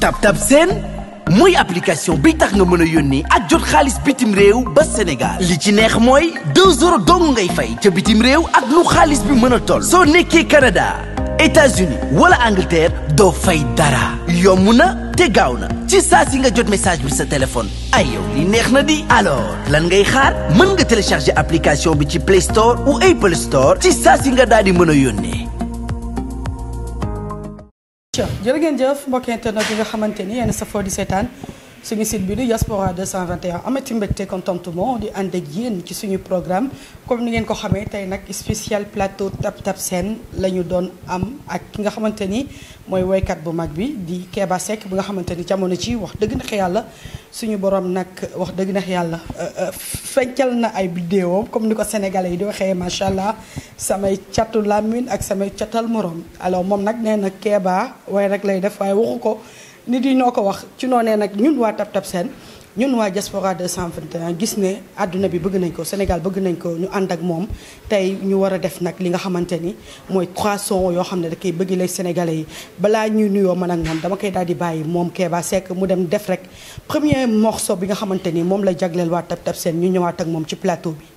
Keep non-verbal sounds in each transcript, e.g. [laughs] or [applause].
TapTap Send mooy application bi tax nga mën a yónnee ak jot xaalis bitim réew ba Sénégal li ci neex mooy 2 euros ngay fay ca bitim réew ak lu xaalis bi mën a toll. soo nekkee Canada États-Unis wala Angleterre doo fay dara yomb na. te gaaw na ci saa si nga jot message bi sa téléphone ay yow li neex na di alors lan ngay xaar mën nga télécharger application bi ci Play Store ou Apple Store ci saa si nga daal di mën a yónnee. jërë ngeen jëf mbokk internet nga xamante ni yéen safoo di seetaan. suñu site bi di diaspora 221 amati mbégte contentement di ànd ak yéen ci suñu programme comme ni ngeen ko xamee tey nag spécial plateau Tap tab seen la ñu doon am ak ki nga xamante ni mooy woykat bu mag bi di Keba sekk bu nga xamante ni jamono ci wax dëgg na neex yàlla suñu boroom nag wax dëgg neex yàlla euh, euh, fencal na ay bidéoom comme ni ko sénégalais yi di waxee macha allah samay catu làmmiñ ak samay catal morom alors moom nag nee na Keba waaye rek lay def ko. nit yi ñoo ko wax ci noonee nag ñun waa Tab Tab seen ñun waa diaspora 221 gis ne àdduna bi bëgg nañ ko Sénégal bëgg nañ ko ñu ànd ak moom tey ñu war a def nag li nga xamante ni mooy trois sons yoo xam ne da bëgg lay sénégalais yi balaa ñuy nuyoo mën ak moom dama koy daal di bàyyi moom Keba Seck mu dem def rek premier morceau bi nga xamante ni moom la jagleel waa Tab Tab seen ñu ñëwaat ak moom ci plateau bi.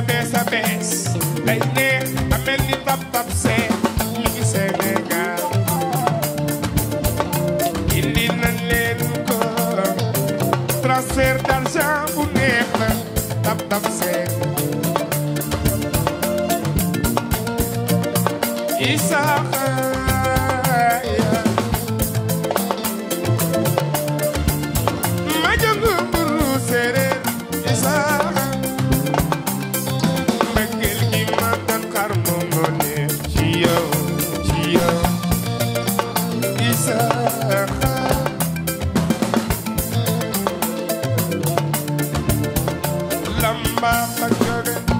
a a bees day neex a mel ni seen mi ngi Sénégal indi nañ leen ko transfert d'argent bu neex tap tap seen Issa mama, sugar.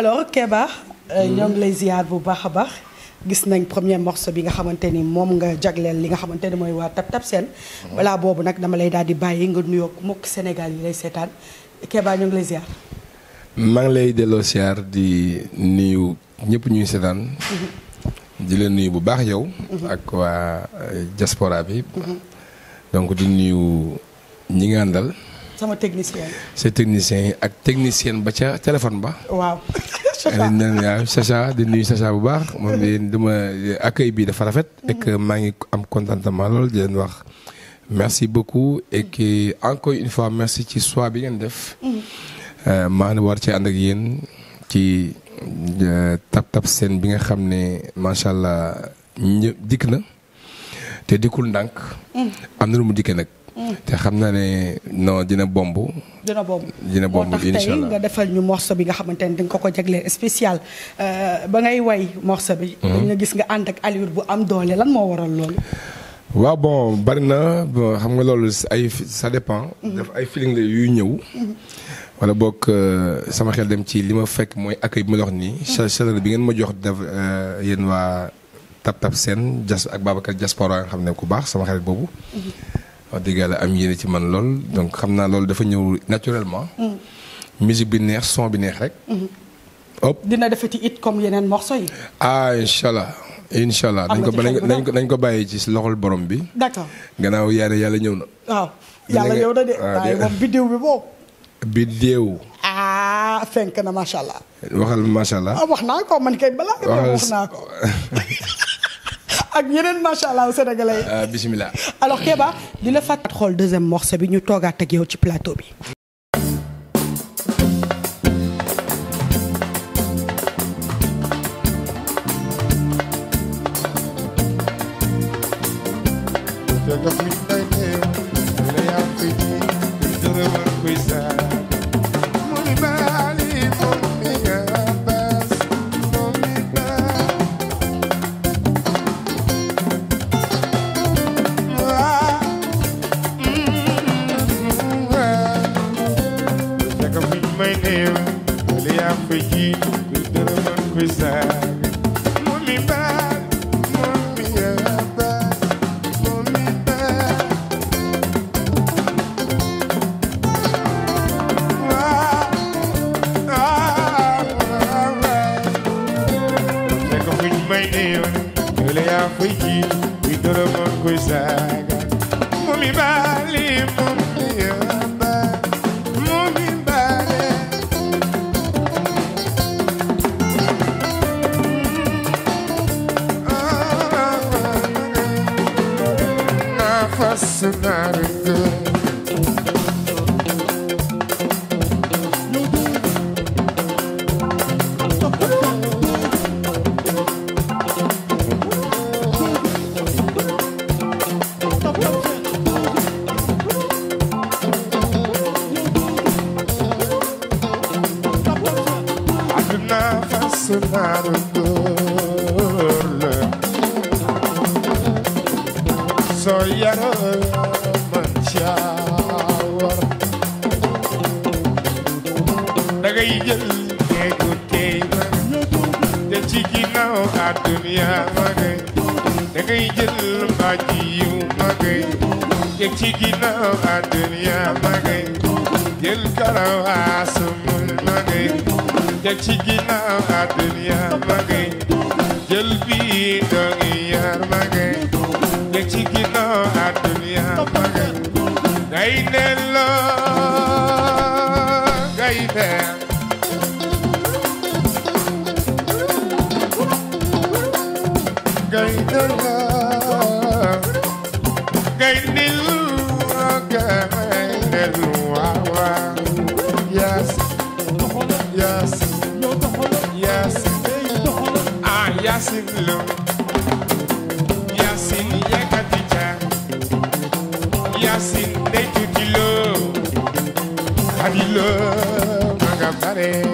alors Kéba. Euh, mm-hmm. ñoo ngi lay ziar bu baax a baax. gis nañ premier morceau bi nga xamante ni moom nga jagleel li nga xamante ni mooy waa Tap Tap Seen. Mm-hmm. balaa boobu nag dama lay daal di bàyyi nga nuyoo mokk senegal yi lay seetaan Kéba ñoo ngi lay ziar. maa ngi lay delloo ziar di nuyu ñëpp ñuy seetaan. Mm-hmm. di leen nuyu bu baax yow. ak waa euh, diaspora bi. donc di nuyu ñi sama technicien. sa technicien yi ak technicien ba ca téléphone ba. waaw. [laughs] Sacha waaw Sacha di nuyu Sacha bu baax moom it dama accueil bi dafa rafet. Mm-hmm. et que maa ngi am contentement lool di leen wax. merci beaucoup et que encore une fois merci ci soit bi ngeen def. Mm-hmm. Euh, maa ngi war ci ànd ak yéen ci euh, tap tap bi nga xam ne macha allah ñë dikk na te dikkul ndànk. Mm. am na lu mu dikkee nag. te xam na ne non dina bomb. dina bomb dina bomb incha allah nga defal ñu morceau bi nga xamante ne dinga ko ko jagleel spécial euh, ba ngay way morceau bi. Mhm. dañ nga gis nga ànd ak allure bu am doole lan moo waral loolu. waaw bon bari na xam nga loolu ay ça dépend. Mhm. def ay feeling la yuy ñëw. Mhm. wala boog euh, sama xel dem ci li ma fekk mooy accueil bi ma dox nii. chaleur bi ngeen ma jox def euh, yéen waa Tap Tap Seen jas ak Babacar Diaspora nga xam ne ku baax sama xel boobu. waa dëgg yàlla am yéene ci man lool donc xam naa loolu dafa ñëw naturellement. Mm. musique bi neex son bi neex rek. Mm-hmm. hop dina defati it comme yeneen morceau yi. ah incha allah incha allah nañ ko nañ ko nañ ko bàyyi ci loxol borom bi. d'accord gannaaw yàlla yàlla ñëw na. waaw yàlla ñëw na de. waaye moom biddew bi boobu. biddew. ah fenk na macha allah. waxal macha ah, wax naa ko man kay balaa nga wax naa ko. [laughs] ak yeneen macha allah sénégalais yi. Euh, bisimilah. alors Kéba di la fàttali xool deuxième morceau bi ñu toogaat yow ci plateau bi. soyaroyo man caawar dagay jël neegu tey ma dagay jël mbaaj yu ma jël karawaasumul ma ngay te jël bii dogi yar ma Yaasin Lo Yaasin yëkkati ca Yaasin day tuuti loo Xadi loo ma nga bare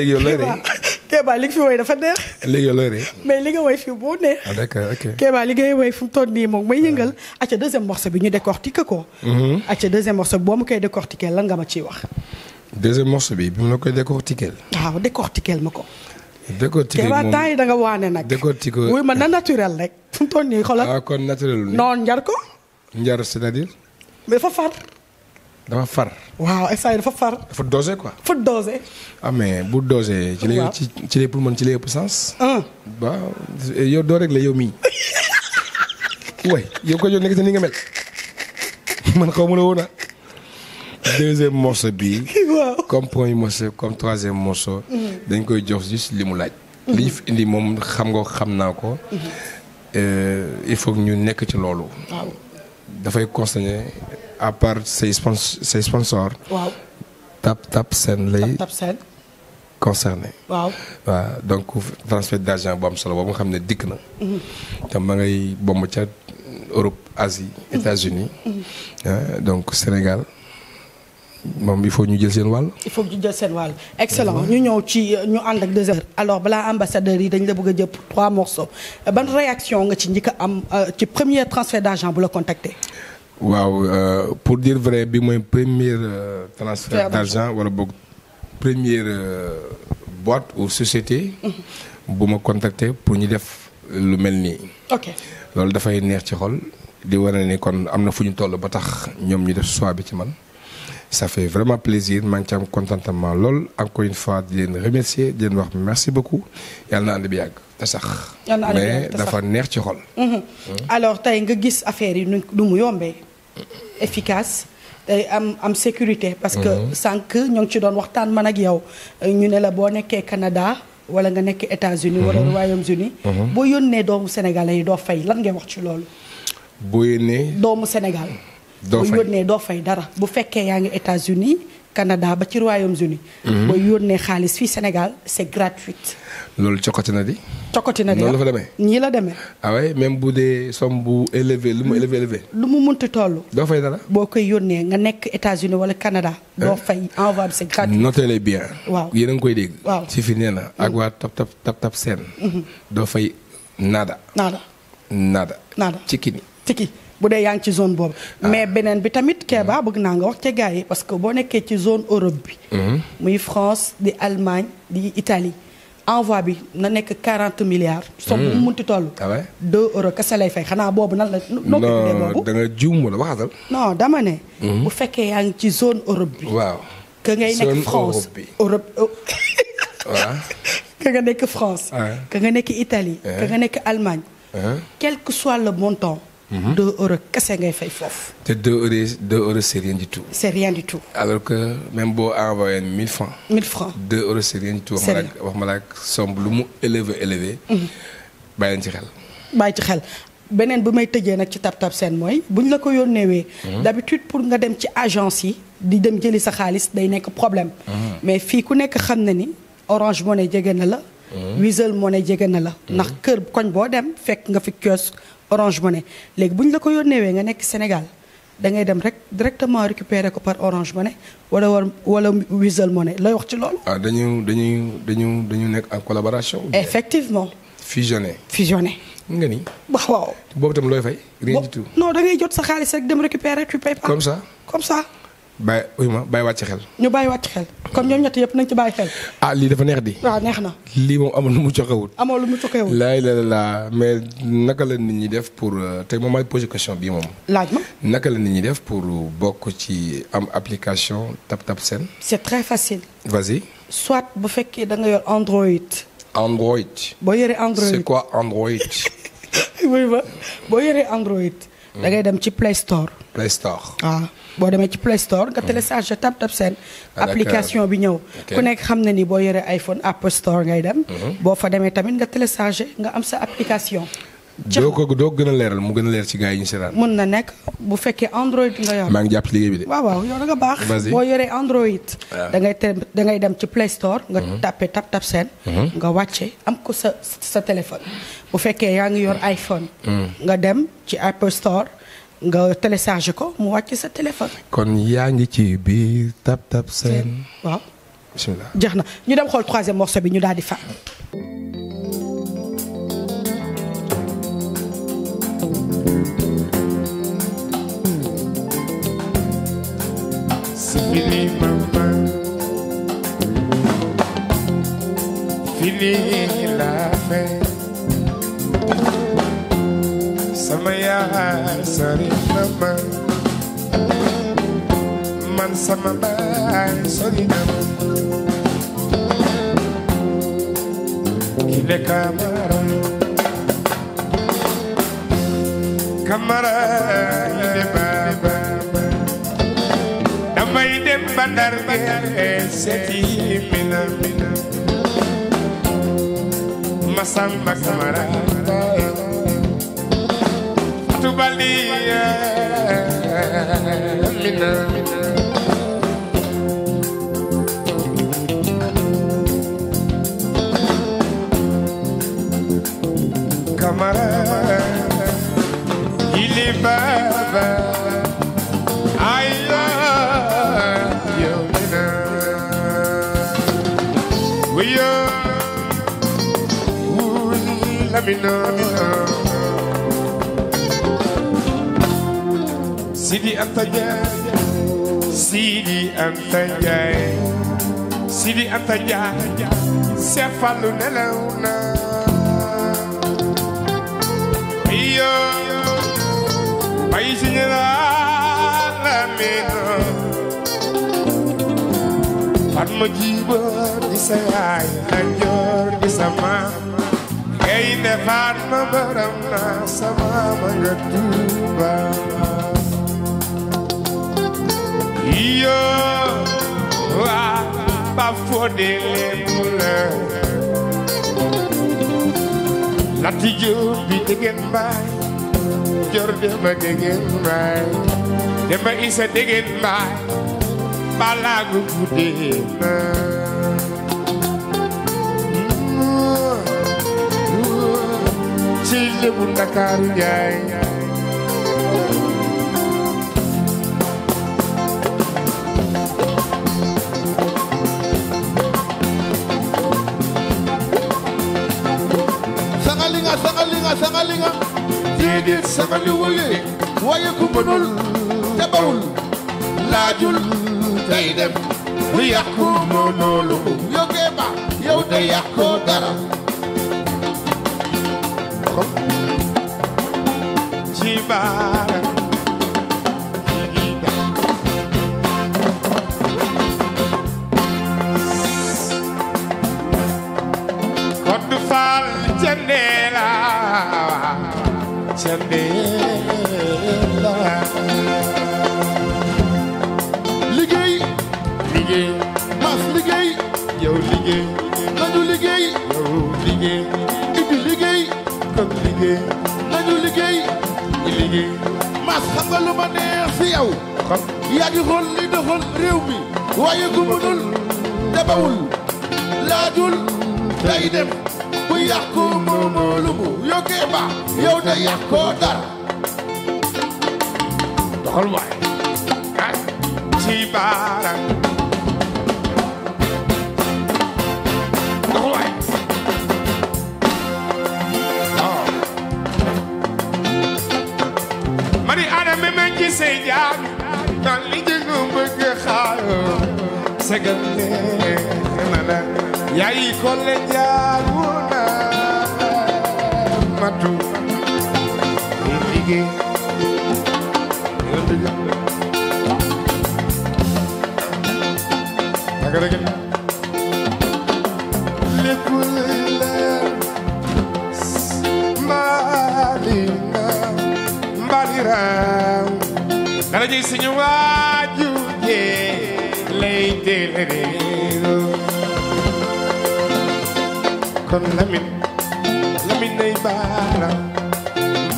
léegi yow looy rey. Kéba li nga fi woy dafa neex. léegi yow looy rey. mais li nga woy fii boo neex. ah d'accord ok Kéba woy fu mu toll nii moom may yëngal. acca deuxième morceau bi ñu décortiquer ko. Mm-hmm. acca deuxième morceau boo ma koy décortiquer lan nga ma ciy wax. deuxième morceau bi bi ma la koy décortiquer. waaw décortiquer ma ko. décortiquer moom Kéba temps yi da nga waane nag. décortiquer wuy ma na naturel rek. fu mu toll nii xoolal. ah njar ko. njar c'est-à-dire. mais far. dafa far. waaw instant dafa far. dafa dosé ko dafa dosé. ah bu dosé. ci lay ci ci lay pour man ci yow doo rek la yow mii. yow ko yow nekk sa ni nga mel man xaw ma la woon ah. deuxième morceau bi. waaw comme premier morceau comme dañ koy jox juste li mu laaj. li fi indi moom xam nga xam naa ko. Mhm. Euh, il faut ñu nekk ci loolu. waaw dafay constater. à part ses sponsors ses sponsors. waaw tap tap seen lay. concerné. waaw donc transfert d' argent bu am solo boobu nga xam ne dikk na. Mhm. te ba ngay bomb ca Europe Asie. Mhm. États-Unis mhm. Ah, donc Sénégal. moom il faut ñu jël seen wàll. il faut ñu jël seen wàll excellent ñu ñëw ci ñu ànd ak deux heures. alors balaa ambassadeurs yi dañ la bëgg a jëpp trois morceaux ban réaction nga ci njëkk am euh, ci premier transfert d' bu la contacter. waaw euh, pour dire vrai bi mooy premier euh, transfert d'argent wala boog première euh, boîte ou société. Mhm. bu ma contacter pour ñu def lu mel nii. ok loolu dafay neex ci xol di wane ni kon am na fu ñu toll ba tax ñoom ñu def choix bi ci man. ça fait vraiment plaisir maa ngi contentement lool encore une fois di leen remercier di leen wax merci beaucoup yàlla na ànd bi yàgg te sax. mais dafa neex ci xol. Mhm. Hmm? alors tey nga gis affaire yi nu mu yombee. efficace am am sécurité parce que mhm. sànq ñoo ngi ci doon waxtaan man ak yow ñu ne la boo nekkee Canada wala nga nekk États-Unis wala mhm. Royaume-Uni mhm. boo yónnee doomu sénégalais yi doo fay lan ngay wax ci loolu boo yónnee doomu Sénégal boo doo fay dara bu fekkee yaa ngi États-Unis Canada ba ci Royaume-Uni. Mhm. boo yónnee xaalis fii Sénégal c' est loolu cokkati na di. cokkati na di noonu la ah. fa demee. ñii la demee. ah oui même bu dee somme bu élevé lu mu élevé élevé. lu mu munti toll. doo fay dara. boo koy yónnee nga nekk États-Unis wala Canada. Eh? doo fay envoi bi c' est gratuit. notez-le bien. waaw yéen a ngi koy dégg. ci fi nee mm. ak waa tap tap seen. Mm-hmm. doo fay nada. nada. nada. nada. cikini. bu dee yaa ngi ci zone boobu. Ah. mais beneen bi tamit Kéba hmm. bëgg naa nga wax ca gars yi parce que boo nekkee ci zone Europe bi. Hmm. muy France di Allemagne di Italie. envoi bi na nekk quarante milliards. Hmm. somme bu mu munti toll. ah ouais 2 euros lay fay xanaa boobu nan la. noo ko da nga jiw wala bu fekkee yaa ci zone Europe bi. waaw ngay nekk France Europe waaw. Oh. [laughs] que nga nekk France. Ah. nga nekk Italie. Eh. que nga nekk Allemagne. Eh. quel soit le montant. Mm-hmm. deux euros kese ngay fay foofu. te deux euros deux euros c' est du tout. c' du tout. alors que même boo envoyé mille francs. mille francs deux euros c' du tout. wax ma la ak wax ma la ak somme lu mu élevé élevé. Mm-hmm. bàyyi leen ci xel. bàyyi ci xel beneen bi may tëjee nag ci Tap Tap Send mooy buñ la ko yónneewee. Mm-hmm. d' habitude pour nga dem ci agence yi. di dem jëli sa xaalis day nekk problème. mais fii ku nekk xam na ni Orange Money jege na la. moo Money jege na la. ndax kër koñ boo dem fekk nga fi orange money léegi bu ñu la ko yónneewee nga nekk Sénégal dangay dem rek directement récupérer ko par orange money wala wala Wizall money lay wax ci loolu. ah dañu dañu dañu dañu nekk en collaboration. effectivement. fusionné fusionné. nga ni. waaw boobu itam looy fay. rien du tout. non da ngay jot sa xaalis rek dem récupérer ci PayPal. comme ça comme ça. bàyyi uyu ma bàyyi wàcc xel. ñu bàyyi wàcc xel comme ñoom ñett yëpp nañ ci bàyyi xel. ah lii dafa neex di. waaw neex na. lii moom amul lu mu coxewut. amul lu mu coxewut. laay la la mais naka la nit ñi def pour euh, te moom may posé question bii moom. laaj ma naka la nit ñi def pour bokk ci am application Tap Tap Send. c'est très facile. soit bu fekkee da nga yor Android. Android. boo yoree Android c'est quoi Android. [laughs] oui ba boo yoree Android. da ngay dem ci Play Play Store. waaw ah, demee ci Play Store nga télécharge Tap Tap Send. Ah, application bi ñëw. ku nekk xam na ni boo yore iPhone App Store ngay dem. Mhm. boo fa demee tamit nga télécharge nga am sa application. doo ko doo gën a leeral mu gën a leer ci gars yi ñu seetaan. mën na nekk bu fekkee Android nga yor. maa ngi jàpp liggéey waaw waaw yow da nga baax. boo yoree Android. Ah. da ngay da ngay dem ci Play Store. nga mhm. tàppe Tap Tap Send. Mhm. nga wàcce am ko sa sa téléphone. bu fekkee yaa ngi yor iPhone. nga dem ci Apple Store. nga téléchargé ko mu wàcc sa téléphone. kon yaa ngi ci biir Tap Tap Seen. jeex na ñu dem xool troisième morceau bi ñu daal di fa. sama yaay sori na ma man sama baay sori na ma kile kamara kamara ile baba damay dem bandar ge seti mina mina masamba kamara تقبل لي منا كمرة إلي بابا أيا يومنا ويا ولا منا منا Sidi Anta Ndiaye Sidi Anta Ndiaye Sidi Anta Ndiaye Seex Fallu na iyo bay si ñëlaat la meena fan ma jiiboor di sa yaay la njoor di sa maam faat ma baram na sa maam yo wa ba fodele mula lati jo bi degen bay jor de ma degen bay de ma isa degen bay balagu gude ma ci lebu ndakaaru njaay sabaliwul waaye ku mënul te bawul laajul tey dem lu yàqu moo loolu yógee ba yow de dara ci nga lu ma neex si yow yaa di xool li doxal réew mi waaye ku mënul dabawul laajul day dem bu yàqu moomoolu mu yokkee ba yow da yàqoo dara doxal waay ci baara sagal na la yayi kolle jaagu na matu i liggéey tagaragen léppul mbalina mbalira darajay Sëriñ wa del herido kon Lamine Lamine nay baara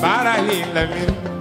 baara yi Lamine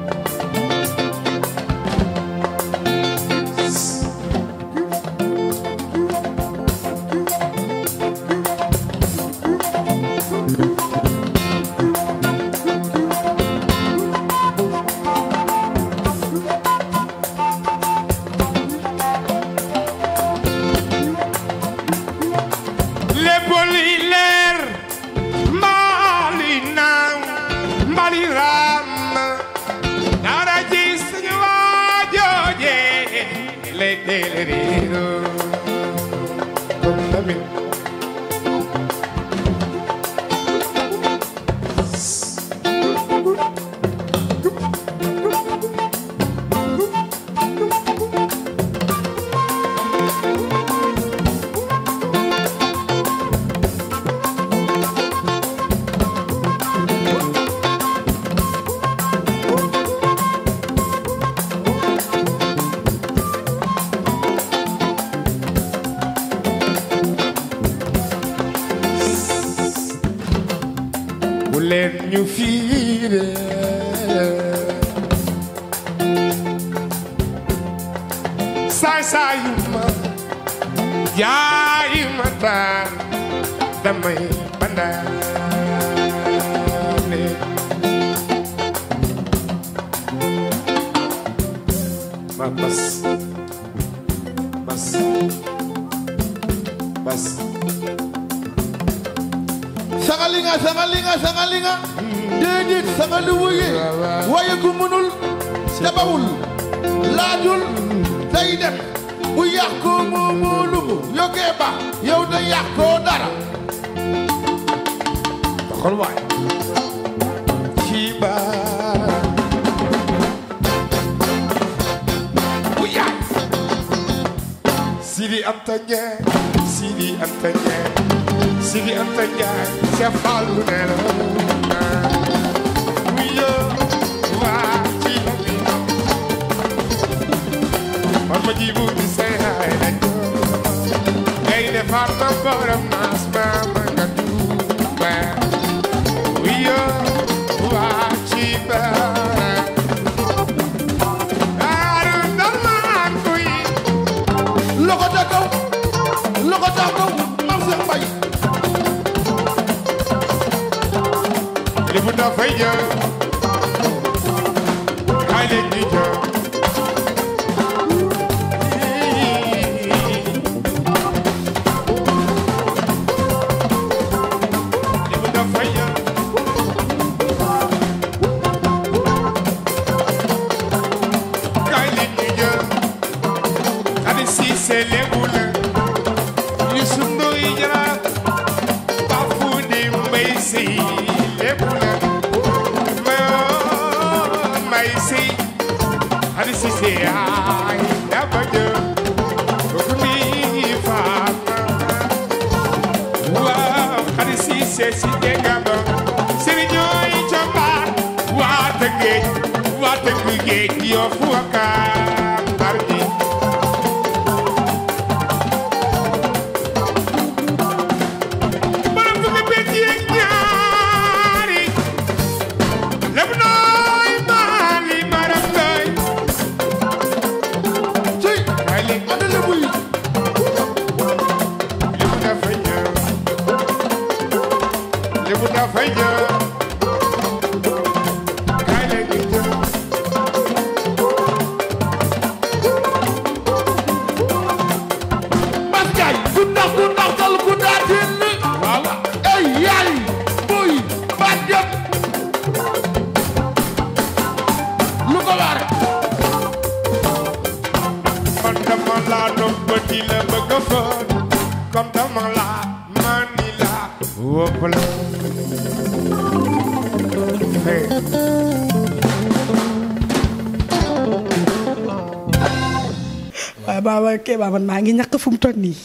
Keba maa ngi ñàkk fu mu toll nii.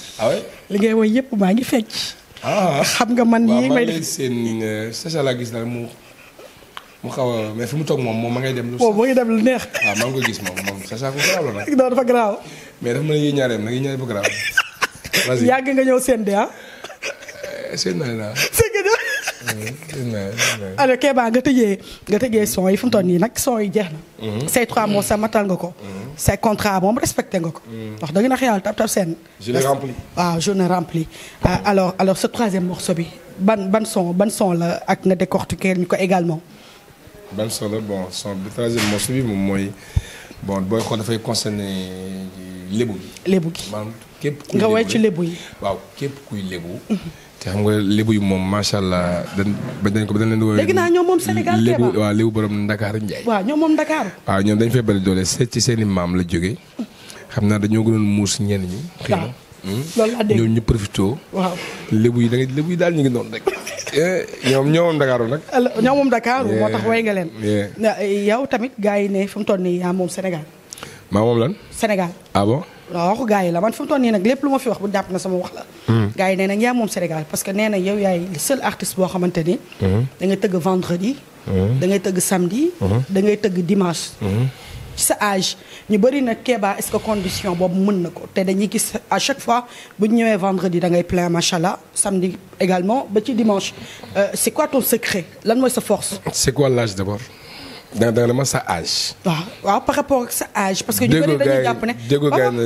li ngay woy yëpp maa ngi fecc. Ah. xam nga man yii may seen euh, laa gis nag mu mu xaw a mais fi toog moom moom ma ngay dem. lu moom ma ngi neex. waaw ah, gis moom moom sasa ko dafa garaaw. mais dafa mel ni yéen ñaareem nag yéen ñaareel ba garaaw. yàgg nga ñëw seen de ah. Eh, seen naa naa. seen yi fu mu toll nii nag son yi jeex na. Mm-hmm. say trois mots sa matal nga ko. Mm-hmm. say contrat moom respecté nga ko. Mm. wax dëgg na xëy tap tap seen. journée remplie waaw journée ah, alors alors ce troisième morceau bi ban ban son ban son la ak nga décortiquer ñu ko également. ban son la bon son bi troisième morceau bi moom mooy bon booy xool dafay concerner lébu gi. lébu gi maanaam képp kuy nga woy ci lébu yi. waaw képp kuy lébu. Mhm. te xam nga lébu yu moom macha allah dañ dañ ko dañ leen di woowee. dégg naa ñoom moom Sénégal lébu waaw lébu borom Ndakaaru Njaay. waaw ñoom moom Ndakaaru. waaw ñoom dañ fee bëri doole seet ci seeni maam la jógee xam naa dañoo gënoon muus ñenn ñi. xëy na loolu laa dégg ñoom ñu profité. waaw lébu yi da nga yi daal ñu ngi noonu rek. [laughs] Eh, ñoom ñoo moom Dakar nag. ñoo moom Dakar moo tax way nga leen. yow tamit gaa yi ne fi mu toll nii yaa moom Sénégal. maa moom lan. Sénégal ah waaw waxu gars yi la man fi mu toll nii nag lépp lu ma fi wax bu jàpp na sama wax la hmm. gars yi nee nañ yaa moom Sénégal parce que nee na yow yaay seul artiste boo xamante ni hmm. da ngay tëgg vendredi hmm. da ngay tëgg samedi da ngay tëgg dimanche ci sa âge ñu bëri na Kéba est-ce que condition boobu mën na ko te dañuy gis à chaque fois bu ñu ñëwee vendredi da ngay plein macha allah samedi également ba ci dimanche euh, c'est quoi ton secret lan mooy sa force c'est quoi l'âge d'abord da nga ma sa âge. waaw waaw par sa âge. parce que ñu bëri dañuy jàpp ne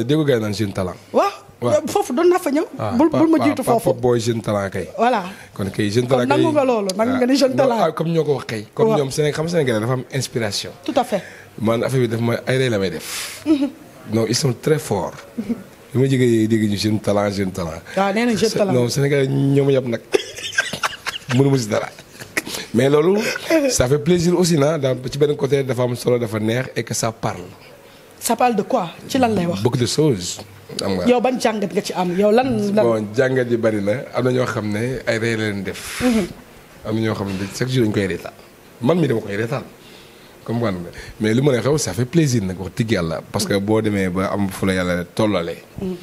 déggu gaay foofu doon naa fa ah, bul bul jiitu foofu booy jeune talent kay. kon kay jeune talent kay nangu ah, ah, ko wax kay. comme ñoom xam Sénégal dafa am inspiration. tout à fait. man affaire bi daf ma ay lay la may def. [laughs] non ils sont très forts. [laughs] bi ma jógee dégg ñu jeune talent jeune talent. waaw nee na jeune talent nag [laughs] mënu si dara. mais loolu sa fait plaisir aussi na daal ci benn côté dafa am solo dafa neex et sa ça parle. ça parle de quoi ci lan lay wax. beaucoup de choses. am nga yow ban jàngat nga ci am yow lan. bon jàngat yi bari na am na ñoo xam ne ay ree leen def. Mhm. am na ñoo xam ne chaque jour dañu koy reetaan man mi dama koy reetaan comme nga mais lu ma lay xew ça fait plaisir nag wax tig yàlla parce que boo demee ba am fu la yàlla tollalee. Mhm.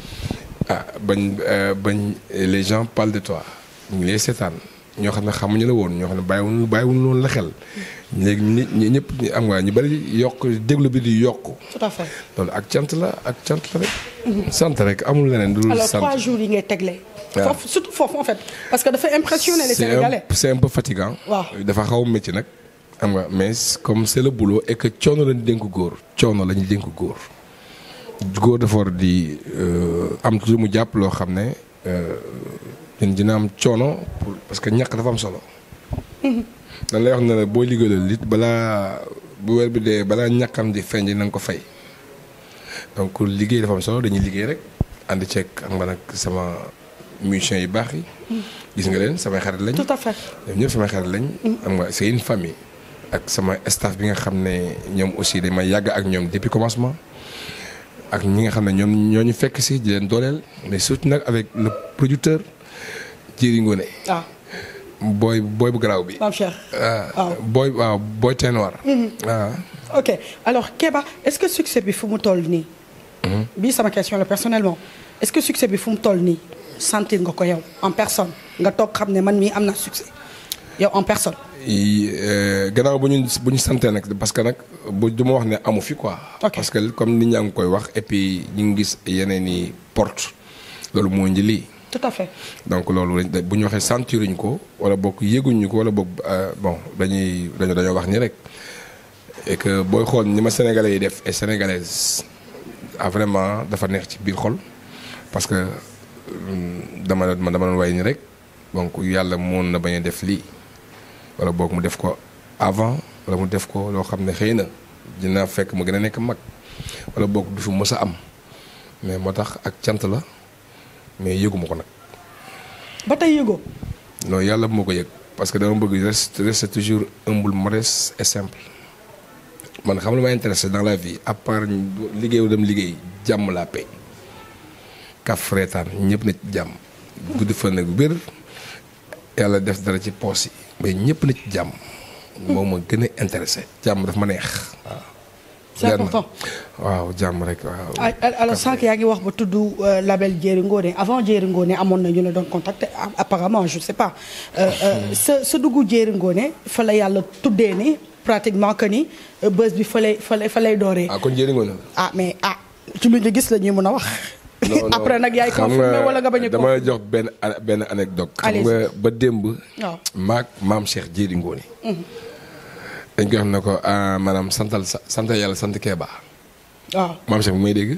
ah bañ euh, bañ les gens parlent de toi ñu ngi seetaan. ñoo xam ne xamuñu la woon ñoo xam ne bàyyiwuñu bàyyiwuñu woon la xel. léegi nit ñi ñëpp ñu am waaye ñu bari yokk déglu bi di yokk. tout à fait loolu ak cant la ak cant la rek. sant rek amul leneen du sant alors jours yi ngay tegle. waaw foofu surtout parce que dafa impressionner les dafa xaw a métti nag. xam nga mais comme c'est le boulot et que coono lañu dénk góor coono lañu dénk góor góor dafa war di euh, am lu mu jàpp loo xam ne. Euh, ñun dina am coono pour parce que ñàkk dafa am solo. dañ lay wax ne la boo liggéeyul it balaa bu weer bi dee balaa ñàkkam di feeñ na nga ko fay donc liggéey dafa am solo dañuy liggéey rek ànd ceeg am man ak sama musiciens yu baax yi. gis nga leen samay xarit lañ. tout à fait ñoom ñëpp samay lañ. xam nga c'est une famille. ak sama staff bi nga xam ne ñoom aussi dañ may yàgg ak ñoom depuis commencement. ak ñi nga xam ne ñoom ñoo ñu fekk si di leen dooleel mais surtout nag avec le producteur. Jiri Ngone. ah booy booy bu garaaw bi. maam Cheikh ah, waaw booy waaw booy Tenor. war mhm. ah. ok alors Kéba est-ce que succès bi fu mu tool nii. Mhm. bii sama question la personnellement est-ce que succès bi fu mu toll nii sentir nga ko yow en personne nga toog xam ne man mii am na succès yow en personne. Eh, gannaaw bu ñu bu ñu santee nag parce que nag bu du ma wax ne amu fi quoi. parce que comme nit ñaa ngi koy wax et puis ñu ngi gis yeneen i porte loolu moo ngi lii. tout à fait donc loolu bu ñu waxee sentiruñu ko wala bokk yéeguñu ko wala bokk euh, bon dañuy dañoo dañoo wax ni rek et que booy xool ni ma sénégalais yi def et sénégalaise ah vraiment dafa neex ci biir xol parce que hmm, dama dama doon way ni rek donc yàlla moon na bañ def lii wala book mu def ko avant wala mu def ko loo xam ne xëy na dina fekk mu gën a nekk mag wala boog du fi mës a am mais moo tax ak cant la. mais yëgu ko nag. ba tey yëgoo. non yàlla moo ko yëg parce que dama bëgg reste reste toujours humble modeste et simple man xam la ma intéressé dans la vie à part liggéeyu dem liggéey jàmm la paix kaf reetaan ñëpp na jàmm. guddi fan ak wér yàlla def dara ci poos yi mais ñëpp na ci jàmm. moo ma gën a intéressé. jàmm daf ma neex waaw. c'est important waaw jàmm rek waaw. alors sànq yaa ngi wax ba tudd euh, label Jéeri Ngoone avant Jéeri Ngoone amoon na ñu la doon contacter apparemment je ne sais pas. Euh, euh, hmm. sa sa duggu Jéeri Ngoone fa la yàlla tuddee ni pratiquement que ni bës bi fa lay fa lay fa lay dooree. ah kon Jéeri Ngoone ah mais ah ci lu ñu gis la ñuy mën a wax. après nag yaay confirmé wala nga bañ a dama jox benn benn anecdote xam nga ba démb. waaw ah. maak maam Cheikh Jéeri Ngoone hmm. dañ koy wax ne ko ah, maanaam santal sant yàlla sant Kéba. waaw ah. maam Cheikh bu may dégg.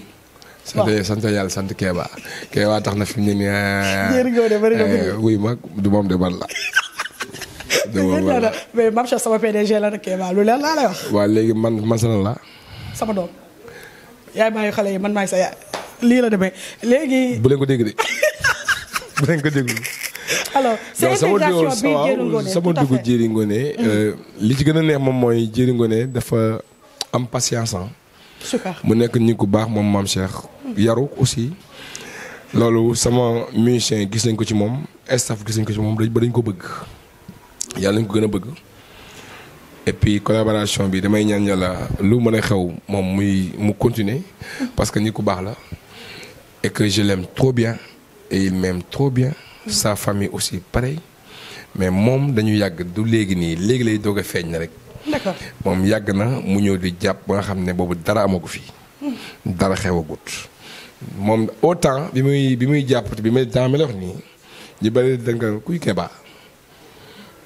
waaw sant yàlla sant waa tax na fi mu ne nii. Ah, eh, mag du moom de man la. [laughs] du mais maam sama PDG la nag Kéba lu leer laa léegi man man la. sama doom. yaay maayu xale yi man maay sa yaay lii la demee léegi. bu leen ko dégg de [laughs] bu leen ko déglu. [laughs] alors c' est intégration sama dugg Jëri Ngoné mhm. euh, li ci gën a neex moom mooy Jëri Ngoné dafa am patience ah. mu nekk nit ku baax moom maam Cheikh. yaru aussi. loolu sama musicien gis nañ ko ci moom staff gis nañ ko ci moom dañ ba ko bëgg yàlla nañ ko gën a bëgg et puis collaboration bi damay ñaan la lu mën a xew moom muy mu continuer parce que nit ku baax la et que je l'aime trop bien et il m'aime trop bien. sa famille aussi pareil mais moom dañu yàgg du léegi nii léegi lay doog feeñ na rek. moom yàgg na mu ñëw di jàpp ba nga xam ne boobu dara amagu fi. Hmm. dara xewagut. moom autant bi muy bi muy jàppati bi ma temps mi nii ñu bari danga kuy Keba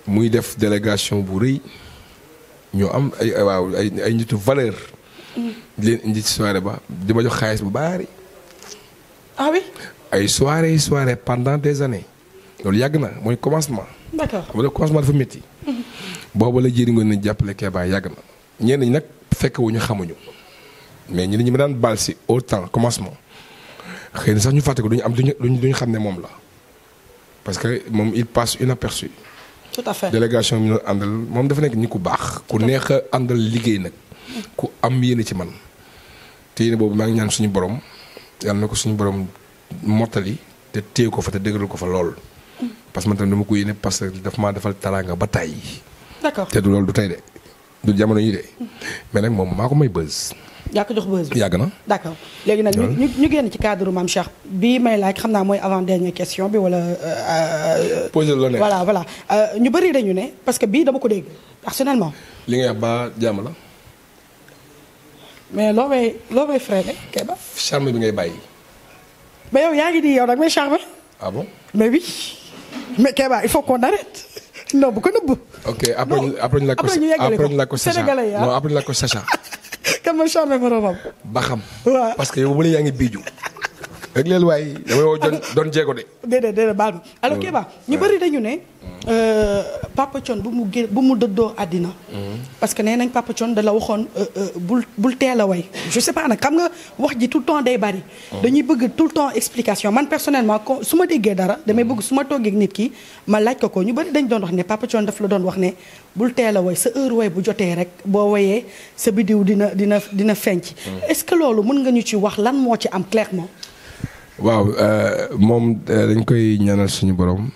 muy def délégation bu rëy ñoo am ay waaw ay ay valeur. Hmm. di leen indi ci ba di ma jox xaalis bu baari ah ay soirée soirée pendant des années loolu yàgg na mooy commencement. d'accord xam nga commencement dafa métti. boobu la jëriñ nga ni jàppale Kéba yàgg na ñenn ñi nag fekk ñu xamuñu mais ñi ñi ma daan baal si au temps commencement xëy na sax ñu fàtte ko duñu am duñu duñu xam ne moom la parce que moom il passe inaperçu. tout à fait délégation bi ñu àndal moom dafa nekk ñi ku baax. ku neex a àndal liggéey nag. ku am yéene ci man. te yéene boobu maa ngi ñaan suñu borom yàlla na ko suñu borom. mottali te téye ko fa te dëgëral ko fa lool. parce que man tamit dama ko yéene parce que daf maa defal taraanga ba tàyyi. d'accord te du loolu du tey de du jamono yi de. mais nag moom maa ko may buzz. jox buzz bi yàgg na. d'accord léegi nag ñu ñu génn ci cadre maam Cheikh bii may laaj xam naa mooy avant dernière question bi wala. posé la ne voilà voilà euh, ñu bëri dañu ne parce que bii dama ko dégg personnellement. li nga wax ba jàmm la. mais loo may loo may freiné Keba. charme bi ngay bàyyi. mais yow yaa ngi nii yow nag may charme. Ah mais oui mais Kéba il faut qu'on arrête. non bu ko nëbb. ok après ñu après ñu la ko ah. après ñu la ko Sacha non [laughs] après ñu la ko charme moromam. ba xam. parce que yow bu yaa ngi biiju. rek leen waaye damay woo doon jéego de. déedéet déedéet baal ma alors Kéba ñu bëri dañu ne. Euh, Papa Thione bu mu gé bu mu dëddoo àddina. parce que nee nañ Papa Thione la waxoon euh, euh, bul bul teel a way je sais pas nag xam nga wax ji tout le temps day bari. dañuy bëgg tout le temps explication man personnellement ko su ma déggee dara damay bëgg su ma toogee nit ki ma laaj ko ko ñu bari dañ doon wax ne Papa Thione daf la doon wax ne bul teel woy sa heure way bu jotee rek boo woyee sa bidiw dina dina dina fenc est-ce que loolu mën nga ñu ci wax lan moo ci am clairement. waaw euh, moom euh, dañ koy ñaanal suñu borom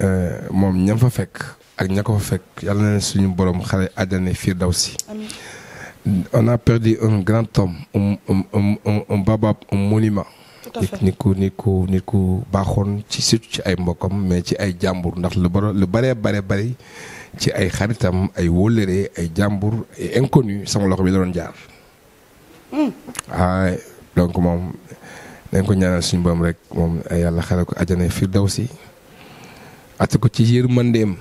euh, moom ñam fa fekk ak ña ko fa fekk yàlla na suñu borom xale àjjana firdawsi on a perdu un grand homme un baaxoon ci surtout ci ay mbokkam mais ci ay jàmbur ndax lu bari lu baree bare bari ci ay xaritam ay wóllëre ay jàmbur ay inconnu sama loxo bi la doon jaar. waaye hmm. donc moom. nañ ko ñaanal suñu boom rek moom yàlla xare ko àjjana firdawsi àtte ko ci yërmandeem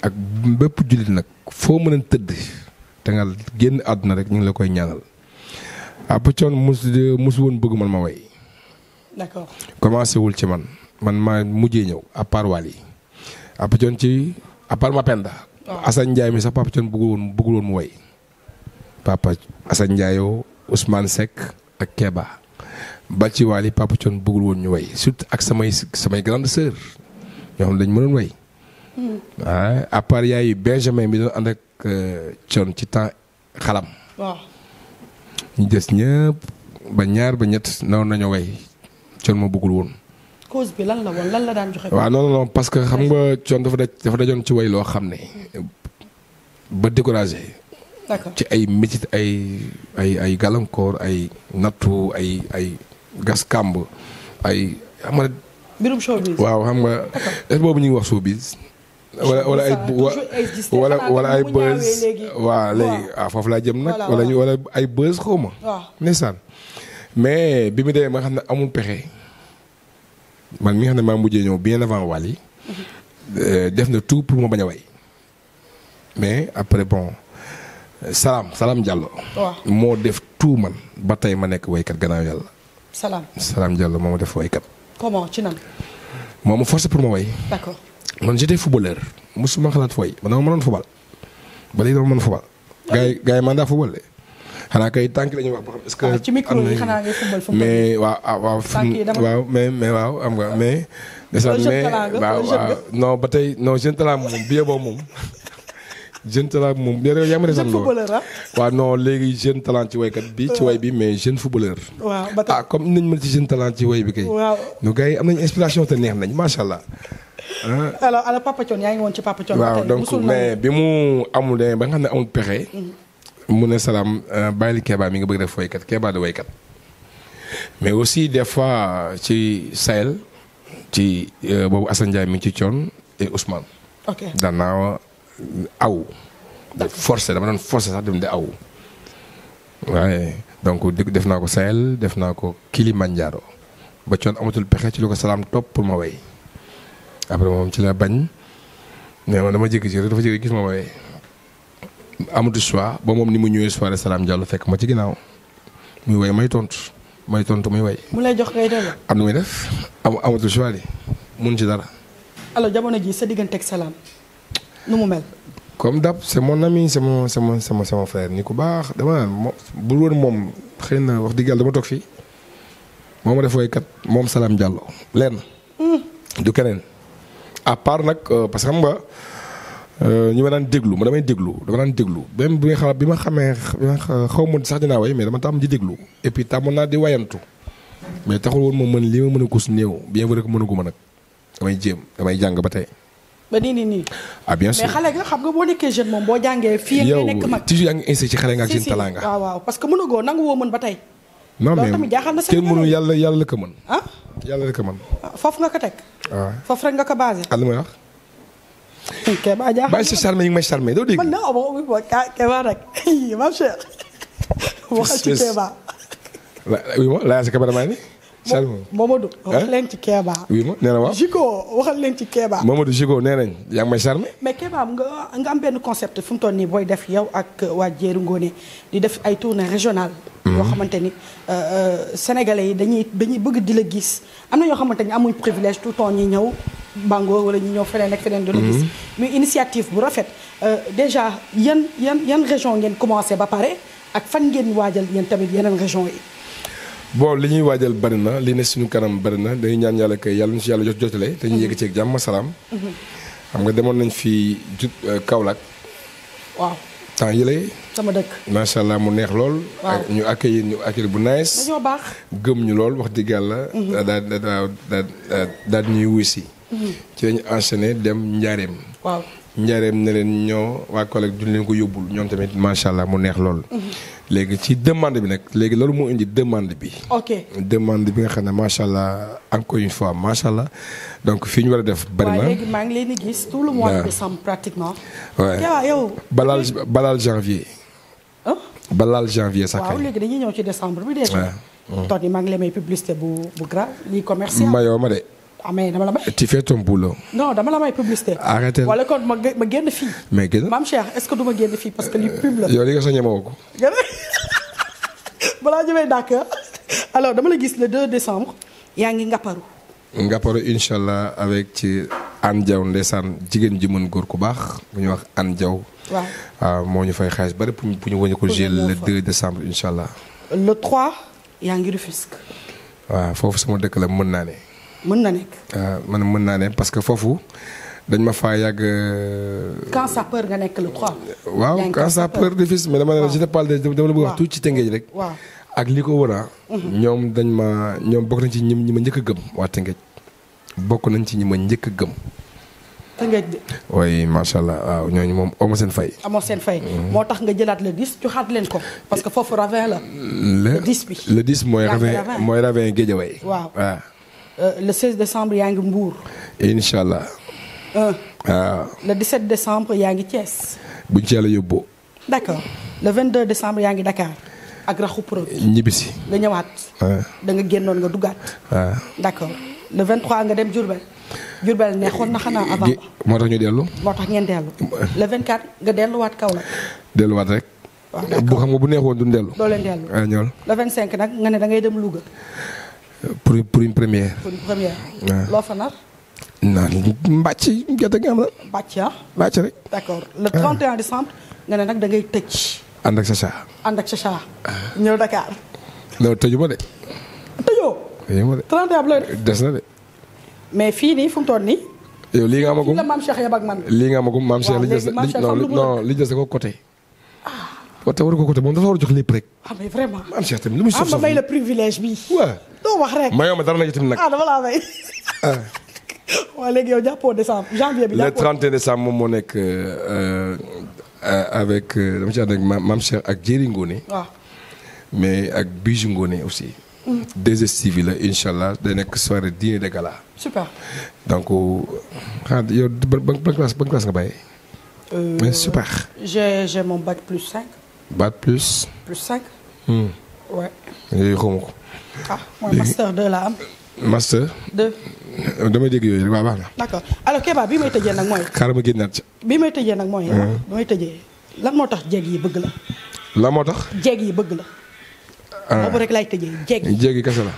ak bépp jullit nag foo mën a tëdd te nga génn àdduna rek ñu ngi la koy ñaanal ab coon mus mus woon bëgg man ma way d'accord wul ci man man maa mujjee ñëw à ci à part Mapenda Assane Ndiaye mi sax papa coon bëggul woon bëggul woon Seck ak Keba ba ci waali Papa Thion bëggul woon ñu way surtout ak samay samay grande sœur ñoo xam dañ mënoon way hmm. ah à part yaayu Benjamin bi doon ànd ak euh, Thion ci temps xalam. ñu des ñëpp ba ñaar ba ñett naroon nañoo way Thion moo woon. cause bi la woon parce que xam nga Thion dafa daj dafa ci way loo xam ne ba découragé. ci ay métit ay ay ay gàllankoor ay nattu ay. gas kàmb ay xam nga. xam nga est boobu ñu wax showbiz. wala wala ay wala wala ay buzz waaw ah, foofu laa jëm nag. wala wala ay buzz xaw ma. waaw mais bi mu demee ba xam ne amul pexe man mi nga xam ne maa mujjee ñëw bien avant Wally euh, def na tout pour ma bañ a way mais après bon salaam salaam Diallo. moo def tout man ba tey ma nekk waykat gannaaw yàlla. salaam salaam Diallo moo ma def woykat. comment ci nan. moo ma forcé pour ma woy. d'accord man j'étais footballeur mosuma xalaat woy man dama mënoon football ba léegi dama mën football. gars yi yi man daa football de xanaa kay tànk la ñuy wax ba xam ah, ci micro yi xanaa ngay football football mais waaw ah, waaw. waaw mais mais waaw am nga mais. ba tey non jeune talent moom biyee boobu moom. jeune talent moom yow yaa ma ne sax footballeur ah. waaw bi ci way bi mais jeune footballeur. waaw ba ah, nañ mën ci jeune talent ci way bi kay. waaw ñu gars yi am nañ inspiration ah. mais bi mu amul demee ba nga xam ne amul pexe. Mm-hmm. mu ne salaam euh, bàyyil Kéba mi nga bëgg def waykat Kéba du waykat. mais aussi des fois ci Sahel ci euh, boobu Assane Ndiaye mi ngi ci Thione et Ousmane. aw da forcé dama doon forcé sax dem di aw waaye donc def naa ko Sahel def naa ko Kilimanjaro ba coon amatul pexe ci lu ko salaam topp pour ma way après moom ci la bañ mais man dama jékki ci rek dafa jékki gis ma way amatu choix ba moom ni mu ñëwee soirée salaam Diallo fekk ma ci ginnaaw muy way may tontu may tontu muy way. mu lay jox ngay delloo. am na muy def am amatul choix di mun ci dara. alors jamono ji sa digganteeg salaam. nu mu mel. comme dab c'est mon mii c'est mon c'est mon c'est mon c'est ni ku baax dama naan moom bu woon moom xëy na wax dëgg yàlla dama toog fii moo ma def woykat moom Salam Diallo lenn. Hmm. du keneen. à part nag euh, parce que xam nga euh, ñu ma daan déglu ma damay déglu dama daan déglu même bi nga xam bi ma xamee xaw ma sax dinaa way mais dama tàmm di déglu et puis naa di wayantu mais taxul woon ma mën li ma mën a kus néew bien vrai que mënagu ma nag damay jéem damay jàng ba tey. ba nii nii nii. ah bien sûr xale nga xam nga boo nekkee jeune moom boo jàngee. fii ak nekk mag yow toujours yaa ngi insisté ci xale nga ak seen talanga. waaw waaw parce que mënagoo nangu woo mën ba tey. non mais kenn mënu yàlla yàlla la ko mën. ah yàlla la ko mën. Ah, foofu nga ko teg. waaw ah. foofu rek nga ko basé. ah li may wax. Kéba si charme yi may charme doo dégg. man non non non ah, Kéba rek [laughs] ma chère. [laughs] waxal ci Kéba. la oui ma laa yàlla si Salma Momadou waxal leen ci Kéba. oui ma nee na waaw Jiko waxal leen ci Kéba. Momadou nee nañ yaa ngi may charmer. mais Kéba nga nga am benn concept fu mu nii booy def yow ak waa Jéeru ngoone di def ay tournées régionales. Mhm. yoo xamante ni euh, euh, sénégalais yi dañuy dañuy bëgg di la gis am na yoo xamante ni amuñ privilège tout le temps ñi ñëw Bango wala ñi ñëw feneen ak feneen. di la gis muy mhm. initiative bu rafet. Euh, déjà yan yan yan région ngeen commencé ba pare ak fan ngeen waajal yéen tamit yeneen région yi. bon li ñuy waajal bari na li ne suñu kanam bari na dañuy ñaan yàlla kay yàlla ñu si yàlla jot jotale te ñu yegg ceeg jàmm salaam. xam nga demoon nañ fi jut Kaolack. waaw temps yële. sama dëkk macha allah mu neex lool. ak ñu accueillir ñu accueil bu nice. dañoo gëm ñu lool wax dëgg yàlla. daal daal daal daal ñuy wuy si. ci lañu enchaîné dem Njaareem. njareem ne leen ñoo waa collègue duñ leen ko yóbbul ñoom tamit macha allah mu neex lool. Mhm. léegi ci demande bi nag léegi loolu moo indi demande bi. demande bi nga xam ne macha allah encore une fois macha allah donc fi ñu war a def. bari na waaw léegi maa ngi leen di gis janvier. balal janvier sax. waaw léegi dañuy ñëw mayoo ma de. ah mais dama la may. tu fais non dama la may publicité. arrêté wala kon ma génn fii. mais génn maam Cheikh est-ce que du ma génn fii parce que li euh, pub la. yow li nga ko. [laughs] balaa ñëwee Dakar alors dama la gis le 2 décembre. yaa ngi Ngaparu. Ngaparu incha allah avec ci Anne Diaw ndeysaan jigéen ji mën góor ku baax bu ñu wax Anne jaw waaw ah, moo ñu fay xaalis bari pour ñu wëñu ko jël le 2 décembre incha allah. le 3 yaa ngi Rufisque. waaw foofu sama dëkk la mën naa ne. mën na nekk. Ah, man mën naa ne parce que foofu dañ ma faa yàgg. Euh, quand sapeur nga nekk le ko waaw quand sapeur de fils mais dama ne je te parle de dama la bëgg wax tuuti ci Tëngéej rek. waaw ak li ko war a. Mhm. ñoom dañ ma ñoom bokk nañ ci ñi ñi njëkk gëm waa Tëngéej bokk nañ ci ñi ma njëkk a gëm. Tëngéej de. oui macha allah waaw ñooñu moom amoo seen fay. amoo seen fay. Mhm. moo tax nga jëlaat le 10 joxaat leen ko parce que foofu ravin la. le 10 mooy ravin mooy ravin Guédiawaye Euh, le 16 décembre yaa ngi Mbour. incha allah. waaw. Euh, ah. le 17 décembre yaa ngi Thiès. buñ ci yàlla yóbboo. d' accord le 22 yaa ngi Dakar. ak raxu produit. ñibbisi nga ñëwaat. Ah. danga nga génnoon nga duggaat. waaw ah. d' accord le 23 nga dem Diourbel. Diourbel neexoon na xanaa avant. moo tax ñu dellu. moo tax ngeen dellu. le 24 nga delluwaat kaw la delluwaat rek. bu xam nga bu neexoon duñ dellu. doo leen dellu. waaw cinq nag nga ne da ngay dem Louga. pour pour une première. pour une première. na. mbàcc ah. mbàcc rek. d'accord le 31 ah. décembre. nga ne nag da ngay tëj. ànd ak Chacha. ànd ak Chacha. Ah. ñëw Dakar. non tëju ma de. tëjoo. des na de. mais fii nii fu mu nii. yow lii nga amagum fii la maam Cheikh yab ak man. lii nga amagum maam li des non li des ko côté. Ah. te war ko côté moom dafa war jox lépp rek. ah mais vraiment. am Cheikh tamit ah, la privilège bi. waaw wax rek. mayoo ma dara nag itam ah dama laa may. Ah. [laughs] waaw léegi yow moo nekk euh, euh, avec euh, dama ak maam Cheikh ak Jéeri Ngone. mais ak Bijou Ngone aussi. Mm. dégestive la incha allah nekk soirée dîner de gala. super donc xanaa ban ban nga bàyyee. mais super. j'ai mon bac plus 5. baat plus. plus 5. waaw. Hmm. yooyu xamu ko. ah mooy master 2 laa am. master. 2. dama dégg yooyu rek waaw baax na. d'accord alors Kéba bi may tëjee nag mooy. xaaral ma génnaat ci. bi may tëjee nag mooy. Hmm. bi may tëjee lan moo tax jeeg yi bëgg la. lan moo tax. jeeg yi bëgg la. Ah. boobu rek laay tëjee jeeg yi jeeg la.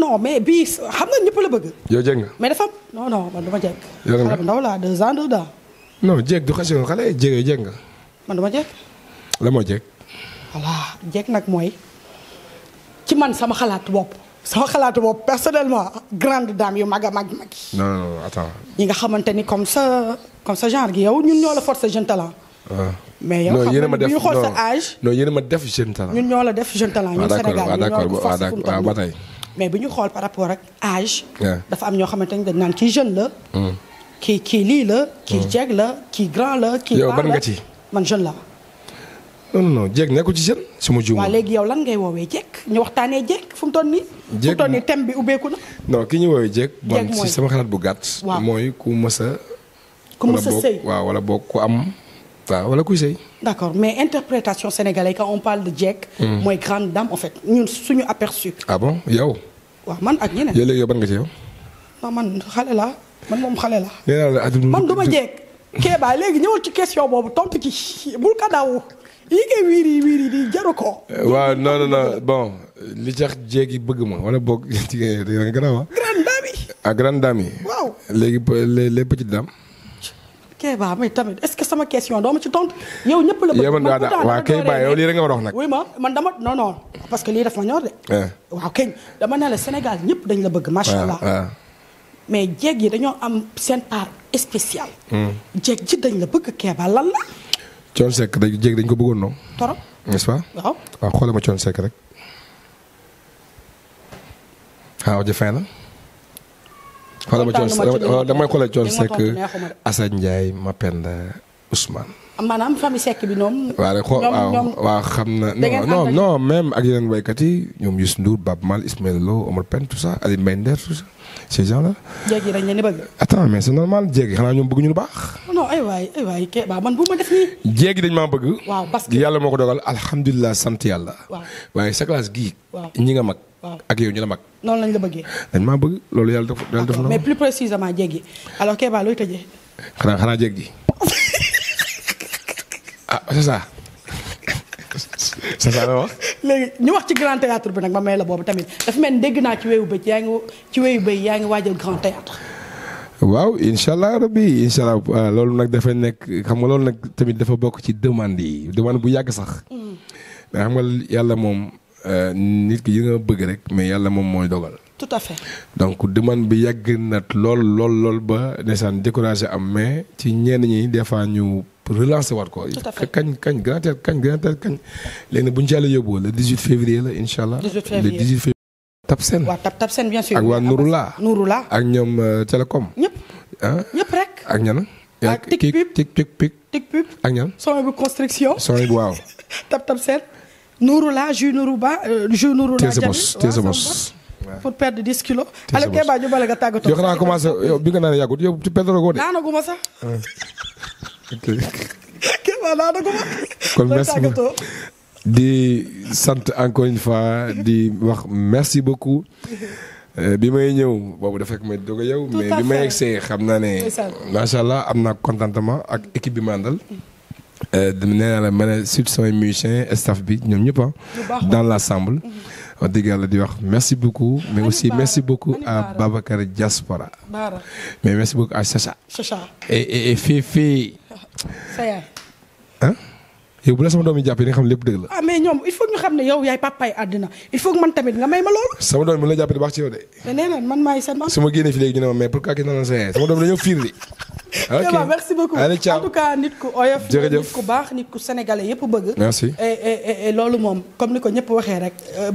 non mais bii xam nga la bëgg. yow nga. mais dafa non non man dama jeeg. yow nga ndaw laa deux ans deux ans. non jeeg du xasee woon xale jeeg nga. man dama jeeg. la moo jeeg voilà jeeg nag mooy ci man sama xalaatu bopp sama xalaatu bopp personnellement grande dame yu mag a mag mag yi. non ñi nga xamante ni comme sa comme ça genre gi yow ñun ñoo la forcer jeune talent. Ah. mais yow xam nga ñu xool sa âge. non yéen ma def jeune talent. ñun ñoo la def jeune talent. ñun ah, Sénégal ah, ñun ñoo ko forcer fu mais bu ñu xool rapport ak âge. dafa am ñoo xamante ni dañ naan kii jeune la. Hmm. kii kii lii la. kii hmm. jeeg la kii grand la. kii yow nga ci man la. non non jéeg nekkul ci seen su ma juum. waaw léegi yow lan ngay woowee jéeg ñu waxtaanee jéeg fu mu toll nii. jéeg fu mu toll nii thème bi ubbeeku na. non ki ñu woowee jéeg. mooy sama xalaat bu gàtt. mooy ku mës a. ku mës a sëy waaw wala boog mais interprétation sénégalaise quand on parle de jéeg. Hmm. mooy grande dame en fait ñun suñu aperçu. ah bon yow. waaw man ak ñeneen. yow léegi yow ban nga ci yow. naa la man du ma jéeg. Kéba léegi ñëwal ci question boobu tontu ci bul kadaawu yi ngay wiir yi di jaru ko. Eh, waaw non non non bon li tax jéegi bëgg ma wala boog jigéen [laughs] da nga garaaw ah. grande dame yi. ah grande dame yi. waaw léegi les les petites dames. Kéba mais tamit est-ce que sama question doo ma ci tontu yow ñëpp la. a wax man dama non non que lii daf ma eh. dama ne la ñëpp dañ la bëgg. macha allah mais jéeg yi dañoo am seen part spéciale. Hmm. jéeg bëgg Kéba la. Thione Seck dañ jéeg dañ ko bëggoon noonu. torop n'est-ce pas. waaw waaw xoolal ma Thione Seck rek. ah ojo ma Thione Seck damay xoolal Thione Seck Assane Ndiaye Mapenda xam na. non non ak yeneen waykat yi ñoom Youssou Ndour Baaba Maal Ismaël Lo Omar tout ça Aliou Mbaye tout ça. ces gens là. jéeg yi dañ leen di bëgg. attends mais c'est normal jéeg yi xanaa ñoom bëgguñu lu baax. non ay waay ay waay kee ba ma def nii. jéeg yi dañ maa bëgg. waaw parce que yàlla moo ko dogal alhamdulilah sant yàlla. waaw waaye sa classe gii. ñi nga mag. ak yow ñu la mag. noonu lañ la bëggee. dañ maa bëgg loolu yàlla def yàlla def na mais plus précisément jéeg yi alors Kéba looy tëjee. xanaa xanaa jéeg ji. ah c'est ça. c'est ça la léegi ñu wax ci grand théâtre bi nag ma may la boobu tamit dafa mel ni dégg naa ci wéyu bëj yaa ngi ci yaa ngi waajal grand théâtre waaw incha allah rabbi incha allah ah, loolu nag dafa nekk xam nga loolu nag tamit dafa bokk ci demande yi demande bu yàgg sax. Mm. xam nga yàlla moom ah, nit ki yi nga bëgg rek mais yàlla moom mooy dogal. tout à fait. donc demande bi yàgg na lool lool lool ba ndeysaan découragé am mais ci ñenn ñi des fois ñu. pour relancer waat ko. tout à kañ kañ grand théâtre kañ grand bu ñu ci yàlla yóbboo le 18 février la incha allah. 18 février le 18 février. Tapsen waaw Tap Tapsen ak ñoom euh, Télécom. ñëpp ak ñan. ak tic pic ak ñan. son bu construction. [laughs] son bu waaw. [laughs] Tap Tapsen. Nouroula Jus Nourouba euh, Jus Nouroula. Thiel Samos Thiel Samos. waaw pour perdre 10 kilos. Aliou Keba ñu bala xanaa commencé bi nga naan yàggut yow ci perdre ko de. ok. kon merci di sant encore une fois di wax merci beaucoup. Euh, bi may ñëw boobu dafa fekk may doog a yow. mais bi may egsee xam naa ne. macha allah am naa contentement ak équipe bi ma àndal. nee naa la ma ne surtout samay musiciens staff bi ñoom ñëpp ah, dans l'ensemble. Mm-hmm. wax dëgg yàlla di wax merci beaucoup. mais aussi merci beaucoup à Babacar Diaspora. mais merci beaucoup à Chacha. Chacha et et sa yaay. ah yow bu la sama doom yi jàppee nga xam lépp dëgg la. ah mais ñoom il faut ñu xam ne yow yaay papaay àddina il faut man tamit nga may ma loolu. sama doom yi mën la jàppee di baax ci yow de. te nee na man maay seen maam. su ma génnee fii léegi ñu ne ma mais [laughs] merci beaucoup Allez, nit ku oyof. jërëjëf nit ku baax nit ku sénégalais yëpp bëgg. merci et loolu moom comme ni ko ñëpp waxee rek euh,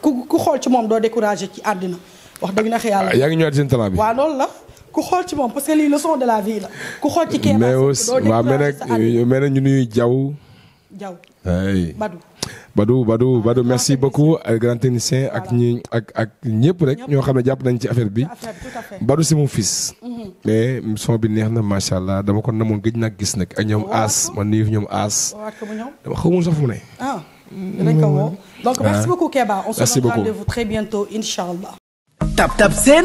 ku ku xool ci moom doo découragé ci àddina wax dëgg na xëy yàlla. Ah, yaa ngi ñëwaat seen talent bi waaw loolu la. ku xool ci moom parce que lii leçon de la vie la ku xool ci. kéemaas yi ñu nuyu Diaw. Diaw Badou. Badou Badou ah, merci beaucoup ay euh, grand technicien ak ñi ak ñëpp rek ñoo xam ne jàpp nañ ci affaire bi Badou c'est mon fils. Mhm. mais son bi neex na macha allah dama ko moom gëj nag gis nag ak ñoom As man nuyu ñoom As. dama xamul sax fu mu ne. Ah, ah. tap tap seen.